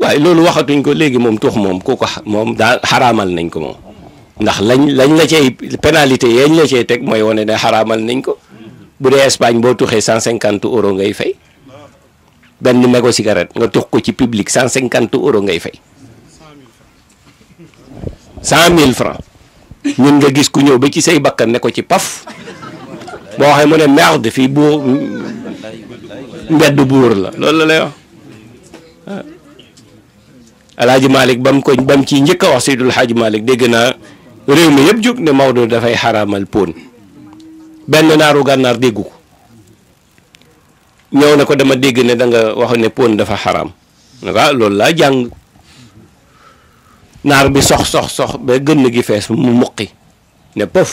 waaye loolu waxatuñ ko léegi moom tux moom ku ko moom daal xaraamal nañ ko moom ndax lañ lañ la cay pénalité yañ la cay teg mooy wane ne xaraamal nañ ko bu dee Espagne boo tuxee cent cinquante euro ngay fay benn mégo cigarette nga tux ko ci public cent cinquante euro ngay fay cent mille francs ñun nga gis ku ñëw ba ci say bakkan ne ko ci paf boo waxee mu ne merde fii buur mbedd buur la loolu alaaji Malick ba mu ko ba mu njëkk a wax Seydul Haaji Malick dégg naa réew mi yëpp jóg ne Maodo dafay xaramal pon benn naaru gànnaar déggu ko ñoo na ko dama dégg ne danga nga ne pon dafa xaraam waaw ah, loolu laa jàng naar bi sox sox sox ba gën gi fees mu muqi ne pëf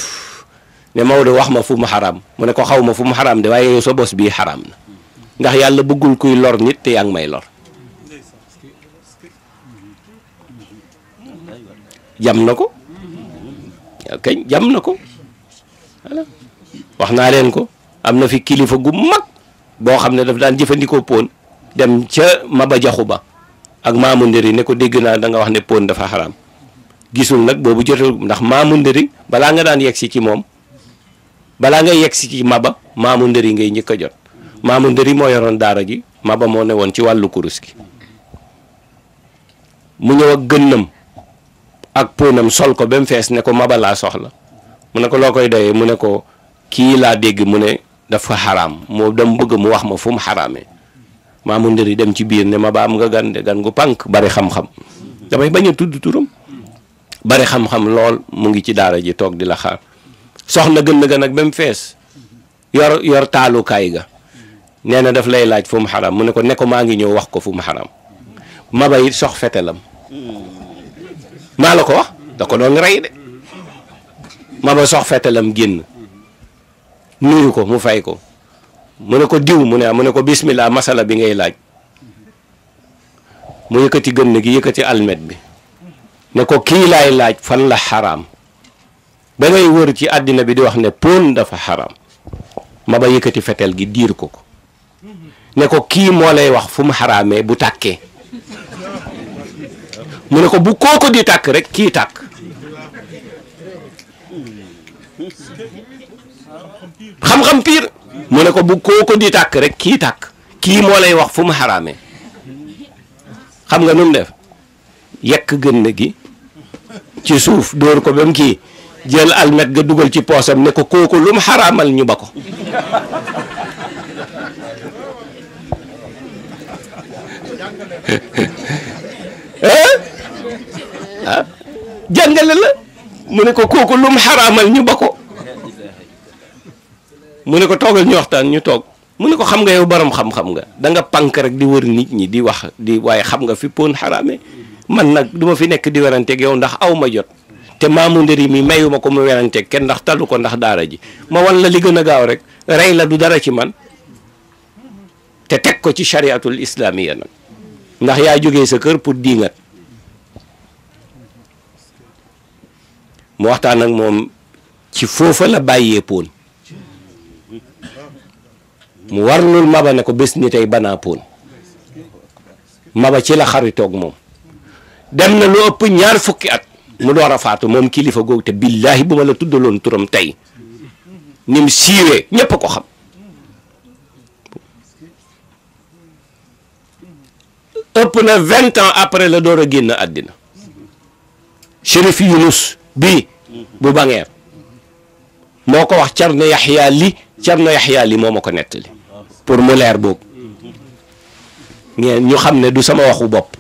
ne Maodo wax ma fu mu xaram mu ne ko xaw ma fu mu xaram de waaye yow bos bii xaraam na ndax yàlla bëggul kuy lor nit te yaa may lor jam na ko jam na ko wax naa leen ko am na fi kilifa gu mag boo xam ne daf daan jëfandikoo pon dem ca Maba Jaxu Ba ak Maamu Ndëri ne ko dégg naa danga wax ne pon dafa xaraam gisul nag boobu jotal ndax Maamu Ndëri balaa nga daan yegg si ci moom balaa nga yegg si ci Maba Maamu Ndëri ngay njëkk jot Maamu Ndëri moo yoroon daara ji Maba moo ne woon ci wàllu kurus gi mu ñëw ak gënnam ak pënam sol ko ba mu fees ne ko maba laa soxla mu ne ko loo koy doyee mu ne ko kii laa dégg mu ne dafa xaraam moo dem bëgg mu wax ma fu mu xaraamee maamu ndëri dem ci biir ne maba am nga gan de gan pànk bari xam damay bañ a tudd turam lool mu ngi ci daara ji toog di la xaar soxna gën na gën fees yor yor taalukaay ga nee na daf lay laaj fu mu xaraam mu ne ko ne ko maa ngi ñëw wax ko fu mu xaraam maba it sox fetelam maa la ko wax da ko doon rey de ma ba sox fetalam génn nuyu ko mu fay ko mu ne ko diw mu ne mu ne ko bismillah masala bi ngay laaj mu yëkkati gën gi yëkkati almet bi ne ko kii laay laaj fan la xaraam ba ngay wër ci àddina bi di wax ne pon dafa xaram ma ba yëkkati fetel gi diir ko ko ne ko kii moo lay wax fu mu xaraamee bu tàkkee mu ne ko bu kooku di tàkk rek kii tàkk xam-xam piir mu ne ko bu ko di tàkk rek kii tàkk kii moo lay wax fu mu xaraamee xam nga nu def yekk gënn gi ci suuf dóor ko ba mu kii jël almet ga dugal ci poosam ne ko kooku lu mu xaraamal ñu ba ko jàngale la mu ne ko kooku lu mu xaraamal ñu ba ko mu ne ko toogal ñu waxtaan ñu toog mu ne ko xam nga yow borom xam-xam nga da nga pànk rek di wër nit ñi di wax di waaye xam nga fi poon xaraame man nag du ma fi nekk di weranteeg yow ndax aw ma jot te maamu ndëri mi mayuma ko mu weranteeg kenn ndax talu ko ndax daara ji ma wan la li gën a gaaw rek rey la du dara ci man te teg ko ci chariatul islamiya nag ndax yaa jógee sa kër pour diingat mu waxtaan ak moom ci foofa la bàyyee poon mu warlul maba ne ko bés ni tey banaa poon maba ci la xaritoog moom dem na lu ëpp ñaar fukki at mu door a faatu moom kilifa googu te billaahi bu ma la tuddaloon turam tey ni mu siiwee ñépp ko xam ëpp na vingt ans après la door a génn àddina Chérif Yunus bii bu bangeer moo ko wax Cerno Yaxya li Cerno Yaxya li moo ma ko nettali pour mu leer boobu ñu xam ne du sama waxu bopp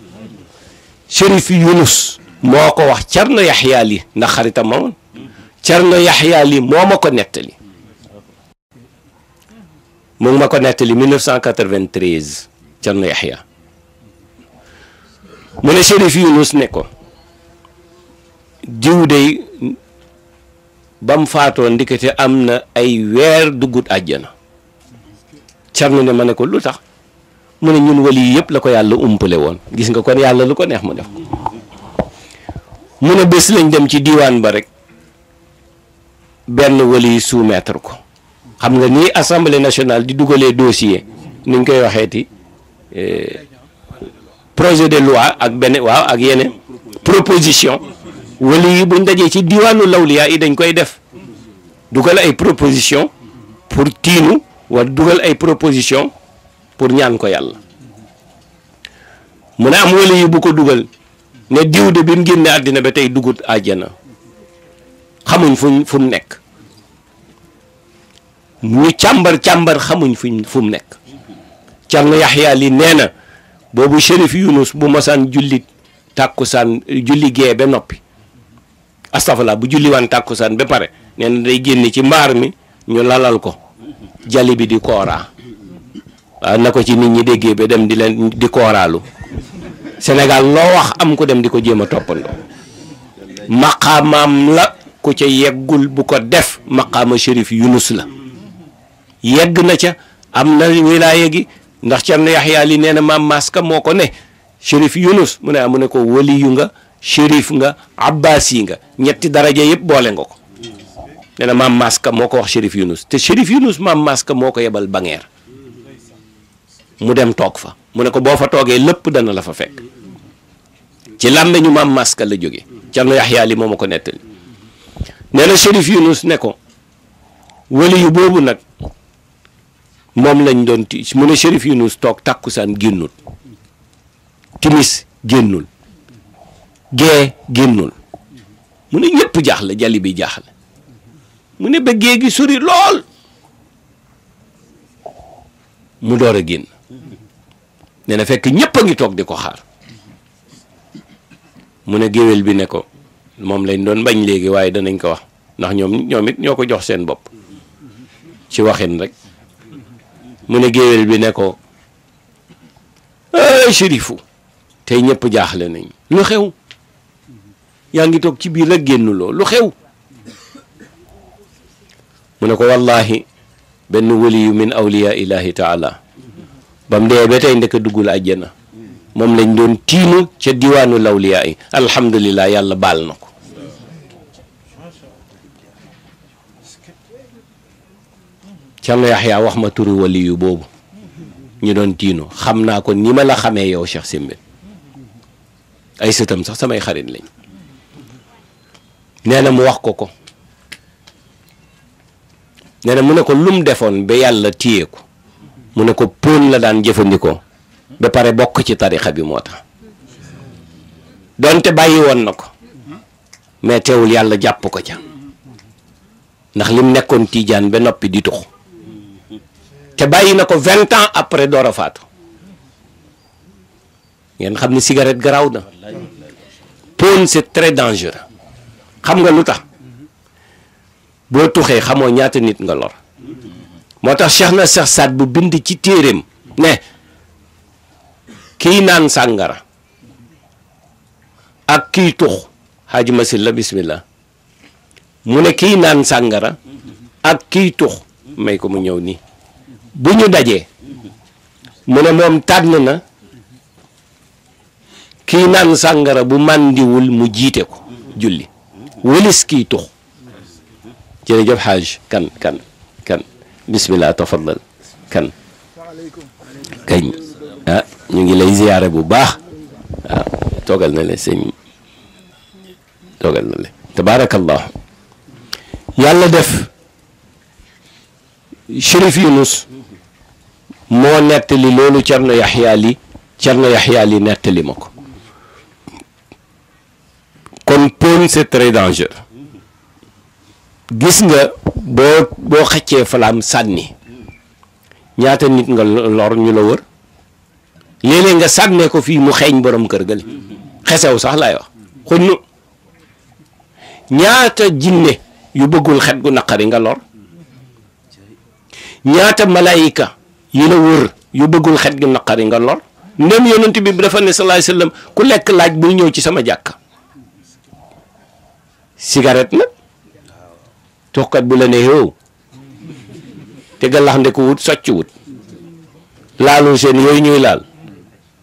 Chérif Yunus moo ko wax Cerno Yaxya li ndax xaritam ma woon Cerno Yaxya li moo ma ko nettali mu ngi ma ko nettali 1993 Cerno Yaxya mu ne Chérif Yunus ne ko diw dey bam faatoo ndikete am na ay weer duggut àjjana Cerno ne ma ne ko lu tax mu ne ñun wali yi yëpp la ko yàlla umpale woon gis nga kon yàlla lu ko neex mu def mu ne bés lañ dem ci diiwaan ba rek benn wali yi soumettre ko xam nga ni assemblée nationale di dugalee dossier ni ñu koy waxeeti eh, projet de loi ak benn waaw ak yeneen proposition wali yi buñ dajee ci diwaanu lawliyaa yi dañ koy def dugal ay proposition pour tiinu wala dugal ay proposition pour ñaan ko yàlla mu ne am wali bu ko dugal ne diw de bi mu génne àddina ba tey dugut àjjana xamuñ fuñ fu mu nekk ñu càmbar càmbar xamuñ fuñ fu nekk nekk Cerno Yaxya li nee na boobu Chérif Yunus bu masaan julli tàkkusaan julli gee ba noppi astafurlah bu julliwaan tàkkusaan ba pare nee na day génn ci mbaar mi ñu lalal ko jali bi di kooraa waaw na ko ci nit ñi déggee ba dem di leen di kooraalu senegal loo wax am ko dem di ko jéem a toppandoo maqaamaam la ku ca yeggul bu ko def maqaama shérif Yunus la yegg na ca am na wilaaya gi ndax Cerno Yaxya li nee na maam Maska moo ko ne shérif Yunus mu ne amu ne ko waliyu nga shérif nga abbas yi nga ñetti daraja yëpp boole nga ko nee maam maska moo ko wax shérif yunus te shérif yunus maam maska moo ko yebal bangeer mu dem toog fa mu ne ko boo fa toogee lépp dana la fa fekk ci làmbe ñu maam maska la jóge Cerno Yaxya li moom a ko nettali nee na shérif yunus ne ko wali boobu nag moom lañ doon ti mu ne shérif yunus toog tàkkusaan génnul timis génnul gee génnul mu ne ñëpp jaaxle jali bi jaaxle mu ne ba gée gi sori lool mu door a génn ne na fekk ñëpp a ngi toog di ko xaar mu ne géwél bi ne ko moom lañ doon bañ léegi waaye danañ ko wax ndax ñoom ñoomit ñoo ko jox seen bopp ci waxin rek mu ne géwél bi ne ko ay shérifu tey ñëpp jaaxle nañ lu xew yaa ngi toog ci biir rek génnuloo lu xew mu ko wallahi benn waliyu min awliya ilahi taala ba mu dee ba tey ndeke moom lañ doon tiinu ca diwaanu lawliyaa yi alhamdulilah yàlla baal na ko Cerno Yaxya wax ma turu waliyu boobu ñu doon tiinu xam naa ko ni ma la xamee yow Cheikh Simbel ay sëtam sax samay xarit lañ nee na mu wax ko ko nee na mu ne ko lum defoon ba yàlla téye ko mu ne ko póon la daan jëfandikoo ba pare bokk ci tarixa bi moo tax donte bàyyi woon na ko mais teewul yàlla jàpp ko ca ndax lim nekkoon tiijaan ba noppi di tux te bàyyi na ko vingt ans après door a ngeen xam ne cigarette garaw na póon c'est très dangereux xam nga lu tax boo tuxee xamoo ñaata nit nga lor moo tax Cheikh na Cheikh Saad bu bind ci téereem ne kiy naan sàngara ak kiy tux xaaji masil la bismillah mu ne kiy naan sàngara ak kiy tux may ko mu ñëw nii bu ñu dajee mu ne moom tànn na kiy naan sàngara bu màndiwul mu jiite ko julli wëlis kiy tux jërëjëf xaaj kan kan kan bismillah tafadal kan kañ ah ñu ngi lay ziyaare bu baax waaw ah, toogal na le sëñ toogal na le tabaarakallah yàlla def Chérif Yunus moo nettali loolu Cerno Yaxya li Cerno Yaxya li nettali ma ko kon pône c' est très gis nga boo boo xëccee falaam sànni ñaata nit nga lor ñu la wër léeg-léeg nga sànnee ko fii mu xeeñ boroom kër gële xesew sax laay wax xunnu ñaata jinne yu bëggul xet gu naqari nga lor ñaata malaayika yi la wër yu bëggul xet gu naqari nga lor ndem yonent bi dafa ne sallallahu alayhi wasallam ku lekk laaj bul ñëw ci sama jàkka cigarette nag tuxkat bu la ne yow te gàllax ndeku wut socc wut laalul seen yooyu ñuy laal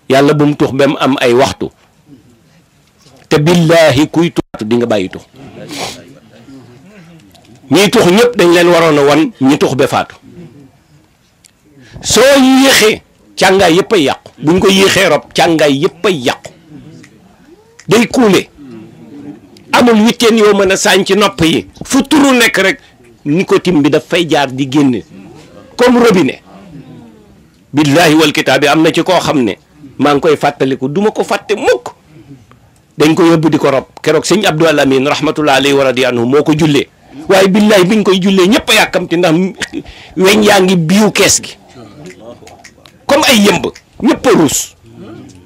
yàlla bu mu tux bem am ay waxtu te billaahi kuy tuxatu di nga bàyyi tux ñiy tux ñëpp dañ leen waroon a wan ñi tux be faatu soo yéexee càngaay yëpp ay yàqu buñ ko yéexee rob càngaay yëpp ay yàqu day kuule amul huitaine yoo mën a ci nopp yi fu turu nekk rek nicotine bi daf fay jaar di génn comme robinet billaahi wal kitaab bi am na ci koo xam ne maa ngi koy fàttaliku duma ko fàtte mukk dañ ko yóbbu di ko rob keroog sëñ Abdou Alamine rahmatullah alayhi wa moo ko jullee waaye billaahi biñ koy jullee ñëpp a yàkkamti ndax weñ yaa ngi biiw kees gi comme ay yëmb ñëpp ruus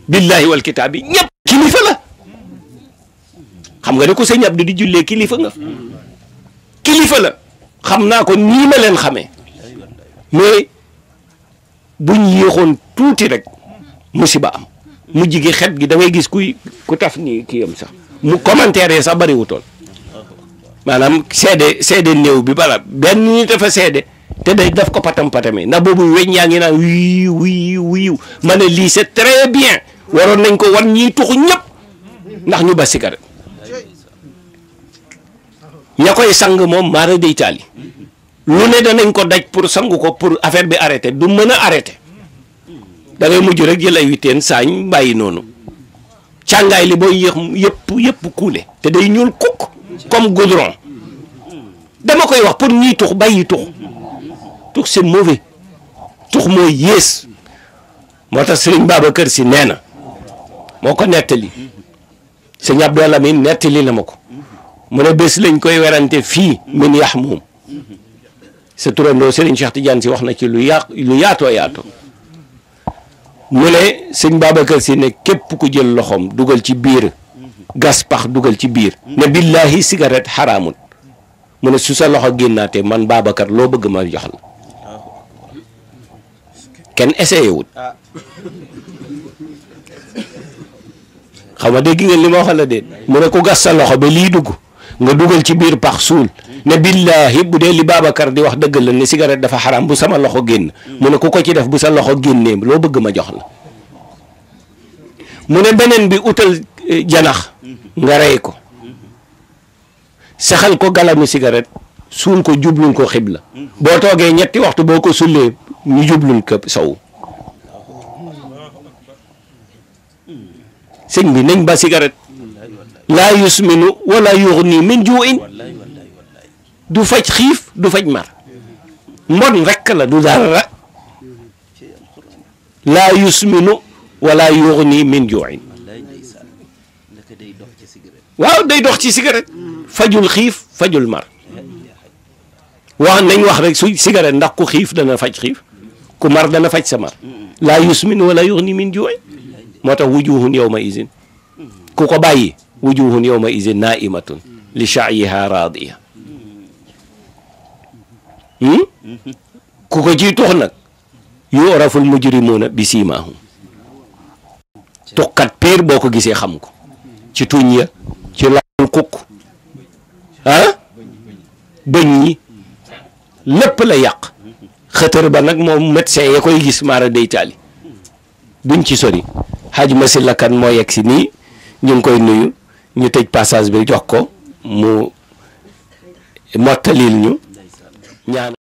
billaahi wal kitaab bi ñëpp kilifa xam nga de ko sëñ Abdou di jullee kilifa nga kilifa la xam naa ko nii ma leen xame mais buñ yéexoon tuuti rek ba am mu jigi xet gi da gis kuy ku taf nii kii am sax mu commentaire sax bariwutoon maanaam seede seede néew bi bala benn nit dafa seede te day daf ko patam patame ndax boobu weñ yaa ngi naan wii wii wii ma ne lii c'est très bien waroon nañ ko war ñiy tuxu ñëpp ndax ñu ba cigarette ña koy sang moom maara day taali lu ne danañ ko daj pour sangu ko pour affaire bi arrêté du mën a arrêté da ngay mujj rek jël ay witeen saañ bàyyi noonu càngaay li booy yéex yëpp yëpp kuule te day ñuul kukk comme goudron dama koy wax pour ñuy tux bàyyi tux tux c'est mauvais tux mooy yées moo tax sëriñ kër si nee na moo ko nettali sëñ Abdou Lamine nettali na ma ko mu ne bés lañ koy werante fii min yax moom sa turandoo Serigne Cheikh Tidiane si wax na ci lu yaa lu yaatoo yaatoo mu ne sëñ Babacar si ne képp ku jël loxoom dugal ci biir gas pax dugal ci biir ne billahi cigarette xaraamut mu ne su sa loxo génnaatee man Babacar loo bëgg ma jox la kenn essayé wut xam nga dégg ngeen li ma wax la déet mu ne ku gas sa loxo ba lii dugg nga dugal ci biir pax suul ne billaahi bu dee li Babacar di wax dëgg la ne cigarette dafa xaram bu sama loxo génn mu ne ku ko ci def bu sa loxo génnee loo bëgg ma jox la mu ne beneen bi utal eh, janax nga rey ko saxal ko galami cigarette suul ko jubluñ ko xibla boo toogee ñetti waxtu boo ko sullee ñu jubluñ ko sow sëñ bi nañ ba cigarette laa yusminu wala yuxni min juin du faj xiif du faj mar mbon rekk la du dara laa yusminu wala yuxni min juin waaw day dox ci cigarette fajul xiif fajul mar wax nañ wax rek su cigarette ndax ku xiif dana faj xiif ku mar dana faj sa mar laa yusmin wala yuxni min juin moo tax wujuhun yawma izin ku ko bàyyi wujuhun yawma izin naimatun li sha'yiha radiya hmm? ku ko ciy tux nag yu'raful mujrimuuna bi siimaahum tuxkat piir boo ko gisee xam ko ci tuñ ya ci laal kukk ah bëñ yi la yàq xëtër ba nag moom médecin ya koy gis maara day taali buñ ci sori xaj ma si lakan moo yegg si nii ñu koy nuyu ñu tëj passage bi jox ko mu mottalil ñu ñaan